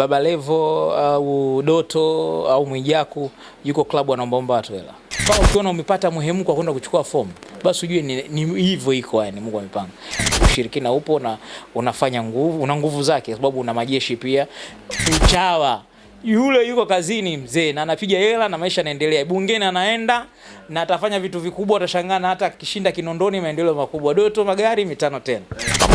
Baba Levo au Doto au Mwijaku yuko klabu anaombaomba watu hela. Kama ukiona umepata muhimu kwa kwenda kuchukua fomu, basi ujue ni, ni hivyo iko yani, Mungu amepanga. Ushirikina upo na unafanya nguvu, una nguvu zake sababu una majeshi pia. Uchawa yule yuko kazini mzee, na anapiga hela na maisha yanaendelea. Bungeni anaenda na atafanya vitu vikubwa, utashangaa hata kishinda Kinondoni, maendeleo makubwa. Doto magari mitano tena.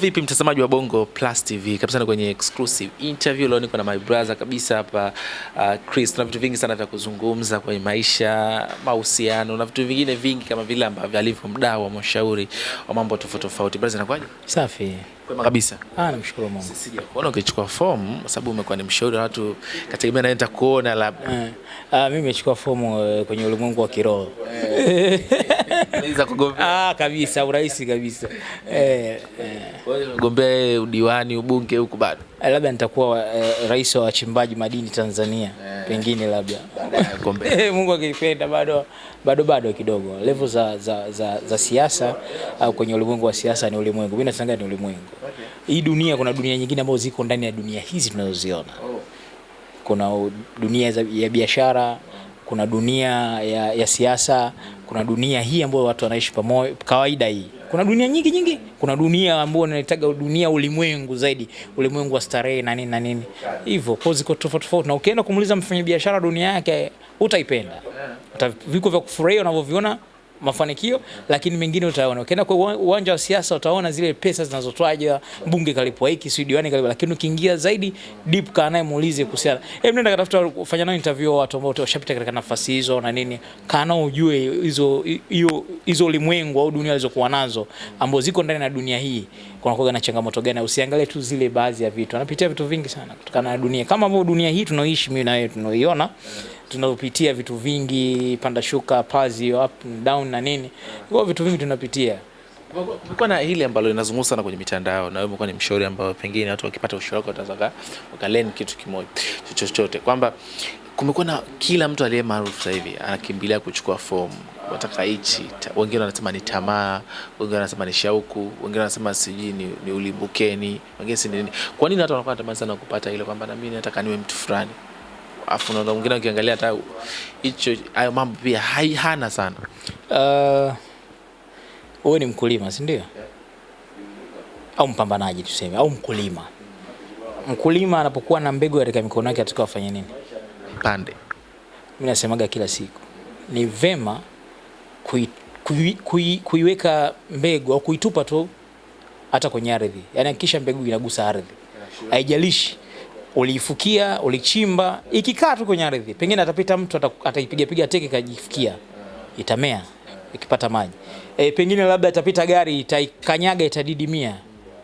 Vipi mtazamaji wa Bongo Plus TV kabisa, ni kwenye exclusive interview leo. Niko na my brother kabisa hapa uh, Chris. Tuna vitu vingi sana vya kuzungumza kwenye maisha, mahusiano na vitu vingine vingi kama vile ambavyo alivyo mdau wa mashauri wa mambo tofauti tofauti. Brother, inakuwaje? Safi. Kwema kabisa. Ah, namshukuru Mungu. Sijakuona ukichukua fomu kwa sababu umekuwa ni mshauri wa watu, kategemea nani nitakuona labda. Eh. Ah, mimi nimechukua fomu eh, kwenye ulimwengu wa kiroho. Unaweza eh. kugombea. Ah, kabisa, urahisi kabisa. Eh. eh. hiyo unagombea udiwani, ubunge huko bado? Labda nitakuwa rais wa wachimbaji madini Tanzania pengine labda eh, Mungu akipenda, bado bado bado kidogo level za, za, za, za siasa au kwenye ulimwengu wa siasa ni ulimwengu. Mimi nasanga ni ulimwengu hii dunia, kuna dunia nyingine ambazo ziko ndani ya dunia hizi tunazoziona. Kuna dunia ya biashara, kuna dunia ya, ya siasa, kuna dunia hii ambayo watu wanaishi pamoja kawaida hii kuna dunia nyingi nyingi, kuna dunia ambayo naitaga dunia ulimwengu zaidi, ulimwengu wa starehe na nini na nini hivyo, kwa ziko tofauti tofauti, na ukienda kumuuliza mfanyabiashara dunia yake utaipenda, viko vya kufurahia unavyoviona mafanikio lakini mengine utaona ukienda kwa uwanja wa siasa utaona zile pesa zinazotwaja, bunge kalipwa hiki, sio diwani kalipwa. Lakini ukiingia zaidi deep, kaa naye muulize kuhusiana, hebu nenda katafuta, fanya nao interview watu ambao washapita katika nafasi hizo na nini, kaa nao ujue hizo hiyo hizo ulimwengu au dunia alizokuwa nazo ambazo ziko ndani na dunia hii kuna kunakuwa na changamoto gani. Usiangalie tu zile baadhi ya vitu, anapitia vitu vingi sana kutokana na dunia, kama ambavyo dunia hii tunaoishi mimi na wewe tunaoiona yeah tunapitia vitu vingi, panda shuka, pazi, up down na nini, kwa vitu vingi tunapitia. Kumekuwa na hili ambalo linazungumza sana kwenye mitandao, na wewe umekuwa ni mshauri ambao pengine watu wakipata ushauri wako wataweza wakaleni kitu kimoja chochote, kwamba kumekuwa na kila mtu aliye maarufu sasa hivi anakimbilia kuchukua fomu, wataka hichi, wengine wanasema ni tamaa, wengine wanasema ni shauku, wengine wanasema sijui ni, ni ulimbukeni, wengine si nini. Kwa nini watu wanakuwa natamani sana kupata ile kwamba na mimi nataka niwe mtu fulani? afu na mwingine ukiangalia hata hicho hayo mambo pia hana sana. Uh, wewe ni mkulima si ndio? Au mpambanaji tuseme, au mkulima. Mkulima anapokuwa na mbegu katika mikono yake atakao afanye nini? Pande. Mimi nasemaga kila siku ni vema kui, kui, kui, kuiweka mbegu au kuitupa tu hata kwenye ardhi, yaani hakikisha mbegu inagusa ardhi, haijalishi uliifukia, ulichimba, ikikaa tu kwenye ardhi, pengine atapita mtu ataipigapiga teke kajifikia, itamea ikipata maji e, pengine labda itapita gari itaikanyaga, itadidimia,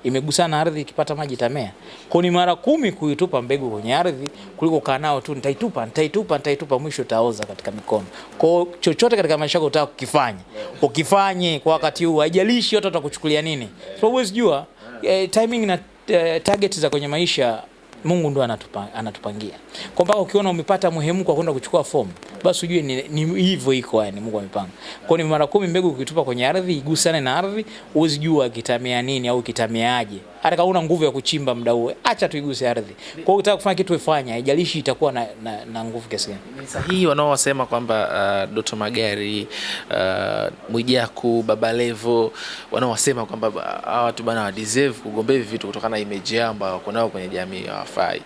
imegusana ardhi, ikipata maji itamea. Kwa ni mara kumi kuitupa mbegu kwenye ardhi kuliko kaa nao tu nitaitupa, nitaitupa, nitaitupa, mwisho utaoza katika mikono. Kwa chochote katika maisha yako utaka kukifanya, ukifanye kwa wakati huu, haijalishi watu watakuchukulia nini, sababu so, huwezi jua e, timing na e, target za kwenye maisha Mungu ndo anatupa, anatupangia kwa mpaka ukiona umepata muhemko kwa kwenda kuchukua fomu, basi ujue ni, ni hivyo iko yani, Mungu amepanga. Kwa ni mara kumi mbegu ukitupa kwenye ardhi igusane na ardhi, uzijua kitamea nini au kitameaje atakaona nguvu ya kuchimba muda huo, acha tuiguse ardhi. Kwa hiyo ukitaka kufanya kitu ifanya, haijalishi itakuwa na, na, na nguvu kiasi gani. Ni sahihi wanaosema kwamba uh, Doto Magari uh, Mwijaku Baba Levo wanaowasema kwamba uh, hawa watu bana wa deserve kugombea hivi vitu kutokana na image yao ambayo wako nao kwenye jamii hawafai.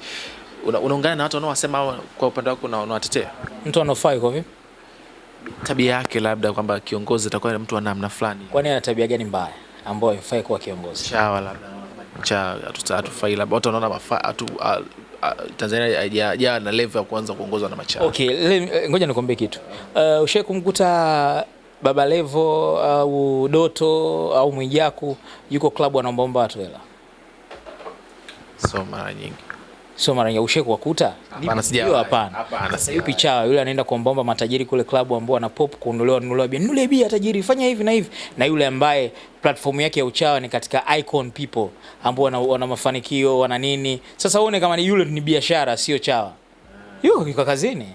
Unaungana na watu wanaowasema kwa upande wako na unawatetea mtu anofai kwa vipi? Tabia yake labda kwamba kiongozi atakuwa mtu wa namna fulani. Kwani ana tabia gani mbaya ambayo haifai kuwa kiongozi? Shawa labda cha hatufai, labda watu wanaona Tanzania haijajaa na level ya kuanza kuongozwa na Machar. Okay, eh, ngoja nikwambie kitu. Uh, ushawahi kumkuta Baba Levo au uh, Doto au uh, Mwijaku yuko klabu anaombaomba watu hela? So mara nyingi sio mara nyingi ushe kuwakuta. Hapana, sijawa. Hapana. Sasa yupi chawa yule anaenda kuombaomba matajiri kule klabu ambao ana pop kuondolewa nunuliwa bia. Nunulie bia tajiri, fanya hivi na hivi. Na yule ambaye platform yake ya uchawa ni katika icon people ambao wana, wana mafanikio, wana nini. Sasa uone kama ni yule ni biashara sio chawa. Yuko kazini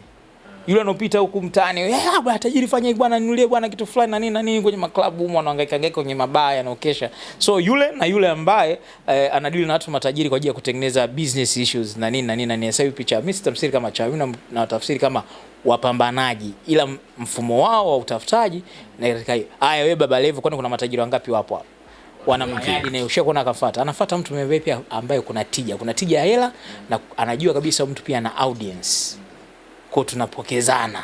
yule anopita huku mtaani, yeah, eh, bwana tajiri, fanya hiki bwana, ninulie bwana kitu fulani na nini na nini, kwenye maklabu huko anahangaika hangaika kwenye mabaya anaokesha. So yule na yule ambaye eh, anadili na watu matajiri kwa ajili ya kutengeneza business issues na nini na nini na nini. Sasa hiyo picha mimi sitafsiri kama chawi na, na tafsiri kama wapambanaji, ila mfumo wao wa utafutaji na katika Haya, wewe Baba Levo, kwani kuna matajiri wangapi wapo hapo? wana wanamkadi na usha kuona akafuata, anafuata mtu mwenye pia ambaye kuna tija, kuna tija ya hela na anajua kabisa mtu pia na audience kwao, tunapokezana,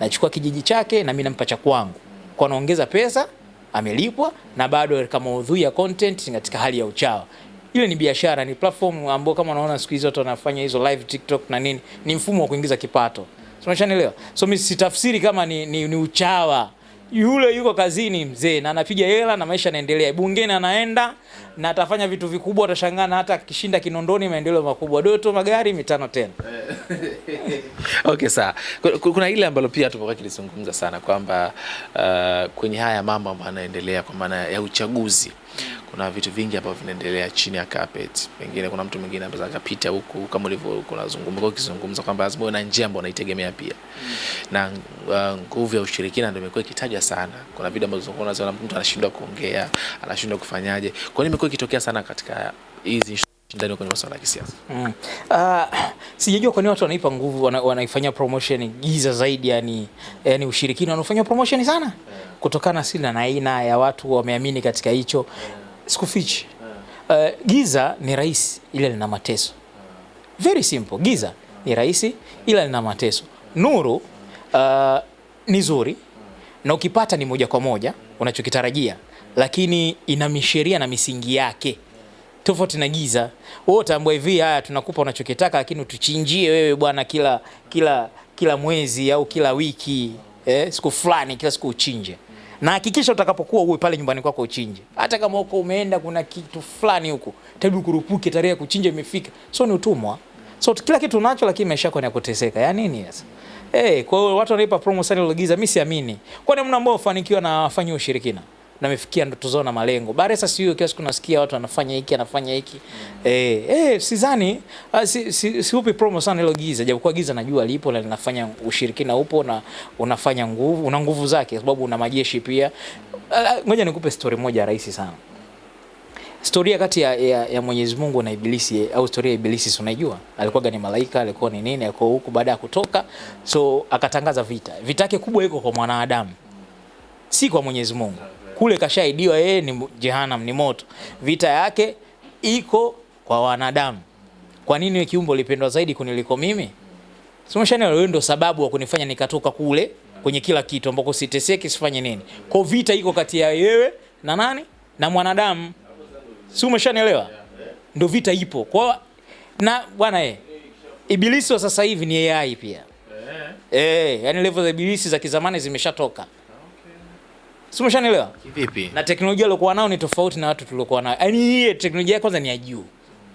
nachukua kijiji chake na mimi nampa cha kwangu, kwa naongeza pesa, amelipwa na bado kama udhui ya content katika hali ya uchawa. Ile ni biashara, ni platform ambayo kama unaona siku hizi watu wanafanya hizo live TikTok na nini, ni mfumo wa kuingiza kipato, unashanielewa? So mimi sitafsiri kama ni, ni, ni uchawa yule yuko kazini mzee, na anapiga hela na maisha yanaendelea, bungeni anaenda na atafanya vitu vikubwa, atashangaa na hata akishinda Kinondoni, maendeleo makubwa. Doto magari mitano tena. Okay, sawa. Kuna ile ambalo pia tumekuwa kilizungumza sana kwamba uh, kwenye haya mambo ambayo yanaendelea kwa maana ya uchaguzi kuna vitu vingi ambavyo vinaendelea chini ya carpet. Pengine kuna mtu mwingine ambaye akapita huku, kama ulivyo kunazungumza kwa kizungumza kwamba lazima uwe na njia ambayo unaitegemea pia na uh, nguvu ya ushirikina ndio imekuwa ikitajwa sana. Kuna video ambazo unaziona mtu anashindwa kuongea, anashindwa kufanyaje. Kwa nini imekuwa ikitokea sana katika hizi ndani kwenye masuala ya kisiasa. Mm. Uh, sijajua kwa nini watu wanaipa nguvu wana, wanaifanyia promotion giza zaidi yani, yani ushirikina wanaofanya promotion sana yeah. Kutokana si na aina ya watu wameamini katika hicho yeah. Sikufichi yeah. Mm. Uh, giza ni rahisi ile lina mateso yeah. Very simple, giza Ni rahisi ila lina mateso Nuru uh, ni zuri Na ukipata ni moja kwa moja unachokitarajia Lakini ina misheria na misingi yake tofauti na giza. Wewe utaambia hivi, haya tunakupa unachokitaka, lakini utuchinjie wewe bwana kila kila kila mwezi au kila wiki eh, siku fulani, kila siku uchinje na hakikisha utakapokuwa uwe pale nyumbani kwako uchinje. Hata kama uko umeenda kuna kitu fulani huko, tabu kurupuke, tarehe ya kuchinja imefika. So ni utumwa. So kila kitu unacho, lakini maisha yako yanakuteseka. Ya nini sasa? Eh, hey, kwa hiyo watu wanaipa promo sana ile giza, mimi siamini. Kwani mna ambao ufanikiwa na wafanyi ushirikina? na amefikia ndoto zao na malengo. Baresa sio kila siku nasikia watu anafanya hiki anafanya hiki mm. eh eh, sidhani ah, si, si, si upi promo sana hilo giza, japokuwa giza najua lipo na linafanya ushirikina upo na unafanya nguvu, una nguvu zake sababu una majeshi pia. Ah, ah, ngoja nikupe story moja rahisi sana. Historia kati ya, ya, ya Mwenyezi Mungu na Ibilisi au historia ya Ibilisi si unaijua? Alikuwa gani malaika, alikuwa ni nini, alikuwa huko baada ya kutoka. So akatangaza vita. Vita yake kubwa iko kwa mwanadamu. Si kwa Mwenyezi Mungu kule kashaidiwa, yeye ni jehanamu, ni moto. Vita yake iko kwa wanadamu. Kwa nini kiumbe lipendwa zaidi kuniliko mimi? Wewe ndo sababu wa kunifanya nikatoka kule kwenye kila kitu ambako siteseki sifanye nini. Kwa vita iko kati ya wewe na nani? Na mwanadamu. Si umeshanielewa? Ndio vita ipo. Kwa na bwana eh. Ibilisi wa sasa hivi ni AI pia. Eh. eh, yani level za ibilisi za kizamani zimeshatoka. Si umeshanielewa? Kivipi? Na teknolojia aliyokuwa nao ni tofauti na watu tuliokuwa nao. Yaani hii teknolojia kwanza ni ya juu.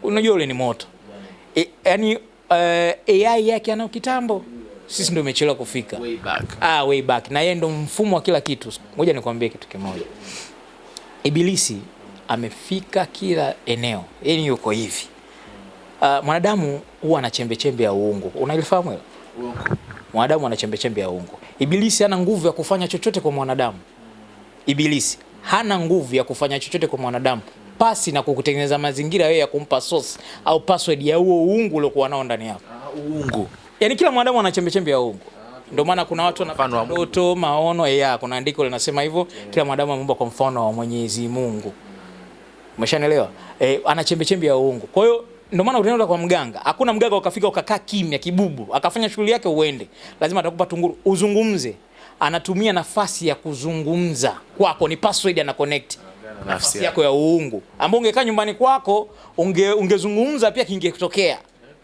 Unajua ule ni moto. E, yaani uh, eh, AI yake anao kitambo. Sisi ndio umechelewa kufika. Way back. Ah, way back. Na yeye ndio mfumo wa kila kitu. Ngoja nikwambie kitu kimoja. Ibilisi amefika kila eneo. Yaani yuko hivi. Uh, mwanadamu huwa ana chembe chembe ya uongo. Unalifahamu hilo? Mwanadamu ana chembe chembe ya uongo. Ibilisi ana nguvu ya kufanya chochote kwa mwanadamu. Ibilisi hana nguvu ya kufanya chochote kwa mwanadamu pasi na kukutengeneza mazingira wewe ya kumpa source au password ya huo uungu uliokuwa nao ndani yako. Ah, uungu. yani, kila mwanadamu ana chembe chembe ya uungu. Ndio maana kuna watu wanapata ndoto, maono, ya kuna andiko linasema hivyo, kila mwanadamu ameumbwa kwa mfano wa Mwenyezi Mungu. Umeshanielewa? E, ana chembe chembe ya uungu. Kwa hiyo ndio maana unaenda kwa mganga. Hakuna mganga ukafika ukakaa kimya kibubu, akafanya shughuli yake uende. Lazima atakupa tunguru, uzungumze anatumia nafasi ya kuzungumza kwako, ni password ana connect nafasi yako ya uungu, ambao ungekaa nyumbani kwako unge, ungezungumza pia kingetokea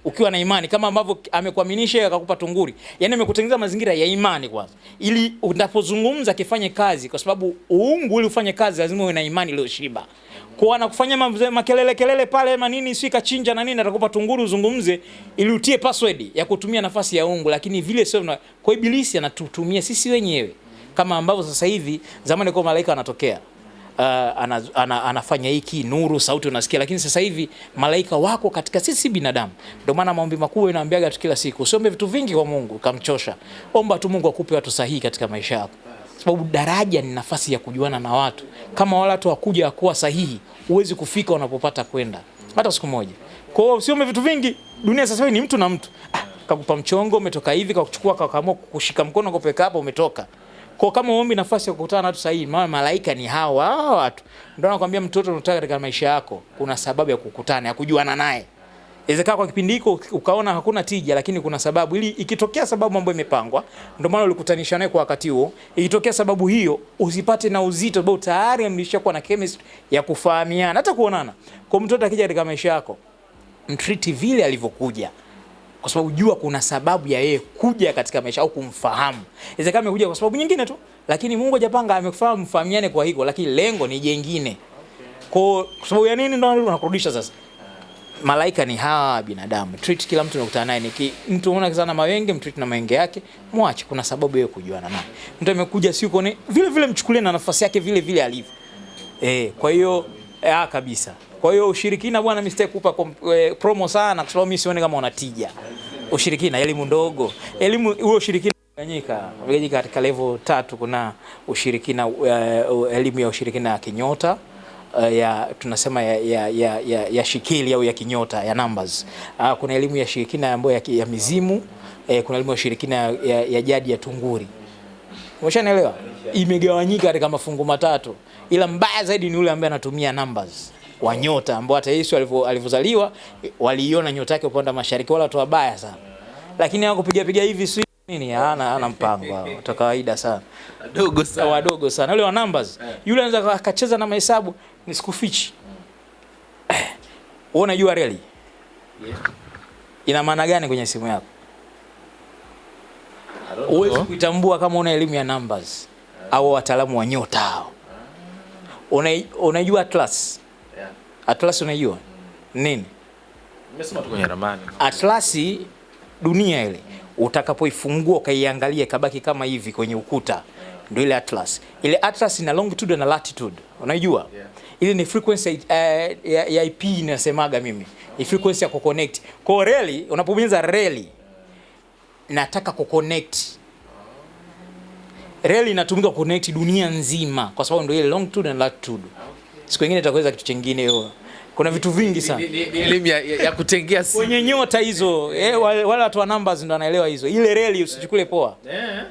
ukiwa na imani kama ambavyo amekuaminisha akakupa tunguri, yaani amekutengeneza mazingira ya imani kwanza, ili unapozungumza kifanye kazi, kwa sababu uungu ili ufanye kazi lazima uwe na imani iliyoshiba. Kwa anakufanyia makelele kelele pale manini si kachinja na nini, atakupa tunguri uzungumze, ili utie password ya kutumia nafasi ya uungu, lakini vile sio. Kwa ibilisi anatutumia sisi wenyewe, kama ambavyo sasa hivi zamani kwa malaika wanatokea uh, ana, anafanya hiki nuru, sauti unasikia, lakini sasa hivi malaika wako katika sisi binadamu. Ndio maana maombi makubwa inaambiaga tu kila siku, usiombe vitu vingi kwa Mungu kamchosha, omba tu Mungu akupe watu sahihi katika maisha yako, sababu daraja ni nafasi ya kujuana na watu. Kama wala watu wakuja kuwa sahihi, huwezi kufika unapopata kwenda hata siku moja. Kwa hiyo usiombe vitu vingi. Dunia sasa hivi ni mtu na mtu, ah, kakupa mchongo, umetoka hivi, kakuchukua, kakaamua kushika mkono, kupeka hapo, umetoka. Kwa kama uombi nafasi ya kukutana na watu sahihi, maana malaika ni hawa hawa watu. Ndio nakwambia mtoto unataka katika maisha yako, kuna sababu ya kukutana, ya kujuana naye. Inawezekana kwa kipindi hiko ukaona hakuna tija, lakini kuna sababu, ili ikitokea sababu ambayo imepangwa, ndio maana ulikutanisha naye kwa wakati huo. Ikitokea sababu hiyo, usipate na uzito, bado tayari mlishakuwa na chemistry ya kufahamiana, hata kuonana. Kwa mtoto akija katika maisha yako, mtreat vile alivyokuja kwa sababu jua kuna sababu ya yeye kuja katika maisha au kumfahamu. Inawezekana amekuja kwa sababu nyingine tu, lakini Mungu hajapanga amekufahamu, mfahamiane kwa hiko, lakini lengo ni jengine. Kwa kwa sababu ya nini? Ndio unakurudisha sasa. Malaika ni hawa binadamu, treat kila mtu unakutana naye. Ni mtu unaona kizana mawenge, mtreat na mawenge yake, mwache. Kuna sababu yeye kujuana naye. Mtu amekuja si uko ni vile vile, mchukulie na nafasi yake vile vile alivyo. Eh, kwa hiyo ah, kabisa. Kwa hiyo ushirikina bwana, mimi sitaki kupa eh, promo sana, kwa sababu mimi sioni kama una tija. ushirikina. Elimu ndogo, elimu huo ushirikina ganyika katika level tatu. Kuna ushirikina uh, elimu ya ushirikina ya kinyota uh, ya tunasema ya, ya, ya, ya, ya shikili au ya, ya kinyota ya numbers uh, kuna elimu ya shirikina ambayo ya, ya mizimu uh, kuna elimu ya ushirikina ya, ya jadi ya tunguri. Umeshanielewa? Imegawanyika katika mafungu matatu, ila mbaya zaidi ni yule ambaye anatumia numbers wa nyota ambao hata Yesu alivyozaliwa waliiona nyota yake upande wa mashariki, wala watu wabaya sana, lakini hao kupiga piga hivi si nini, hana hana mpango wao wa kawaida sana, wadogo sana, wadogo sana, yule wa numbers eh. yule anaweza akacheza na mahesabu. ni siku fichi. Eh. wewe, unajua reli ina maana gani kwenye simu yako? Uwezi kuitambua kama una elimu ya numbers eh. au wataalamu wa nyota hao. Ah. Unajua atlas Atlas unaijua nini? Nimesema tu kwenye ramani. Atlas dunia ile utakapoifungua ukaiangalia kabaki kama hivi kwenye ukuta ndio ile atlas. Ile atlas ina longitude na latitude. Unaijua? Yeah. Ile ni frequency uh, ya, ya IP inasemaga mimi. Ni frequency ya kuconnect. Kwa hiyo reli unapobonyeza reli nataka kuconnect. Reli inatumika kuconnect dunia nzima kwa sababu ndio ile longitude na latitude. Siku nyingine tutaweza kitu kingine hiyo kuna vitu vingi sana elimu ya, ya kutengea kwenye nyota hizo eh, wale watu wa numbers ndo wanaelewa hizo. Ile reli usichukule poa,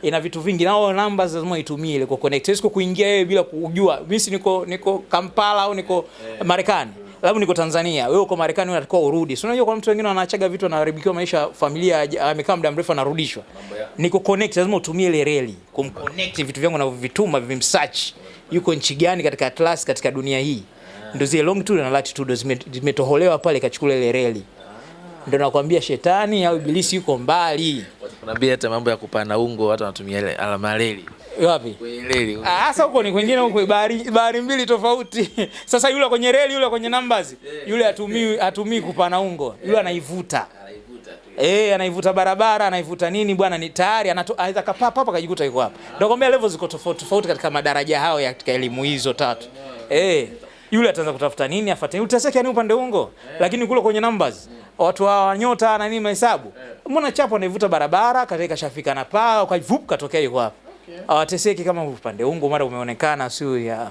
ina vitu vingi nao numbers lazima itumie ile kwa connect. Sio kuingia wewe bila kujua mimi niko niko Kampala au niko Marekani labda niko Tanzania, wewe uko Marekani, unatakiwa urudi. Si unajua, kwa mtu wengine anachaga vitu, anaharibikiwa maisha, familia amekaa muda mrefu, anarudishwa. Niko connect, lazima utumie ile reli kumconnect, vitu vyangu na vituma vimsearch, yuko nchi gani katika atlas, katika dunia hii ndio zile longitude na latitude zimetoholewa pale, kachukua ile reli. Ndio nakwambia shetani au ibilisi yuko mbali. Nakwambia hata mambo ya kupana ungo watu wanatumia ile alama reli. Wapi? Reli. Ah, sasa huko ni kwingine huko bahari bahari mbili tofauti. Sasa yule kwenye reli yule kwenye numbers. Yule atumii atumii kupana ungo. Yule anaivuta. Eh, anaivuta barabara, anaivuta nini bwana ni tayari anaweza kapapa hapa akajikuta yuko hapa. Ndio kwambia level ziko tofauti tofauti katika madaraja hao ya katika elimu hizo tatu. Eh. Hey yule ataanza kutafuta nini afuate, utasikia nini upande ungo, eh. lakini kule kwenye numbers mm. watu wa nyota na nini mahesabu, eh. mbona chapo anaivuta barabara katika shafika na paa kwa vup katokea yuko hapa, Awateseki kama upande ungo mara umeonekana sio ya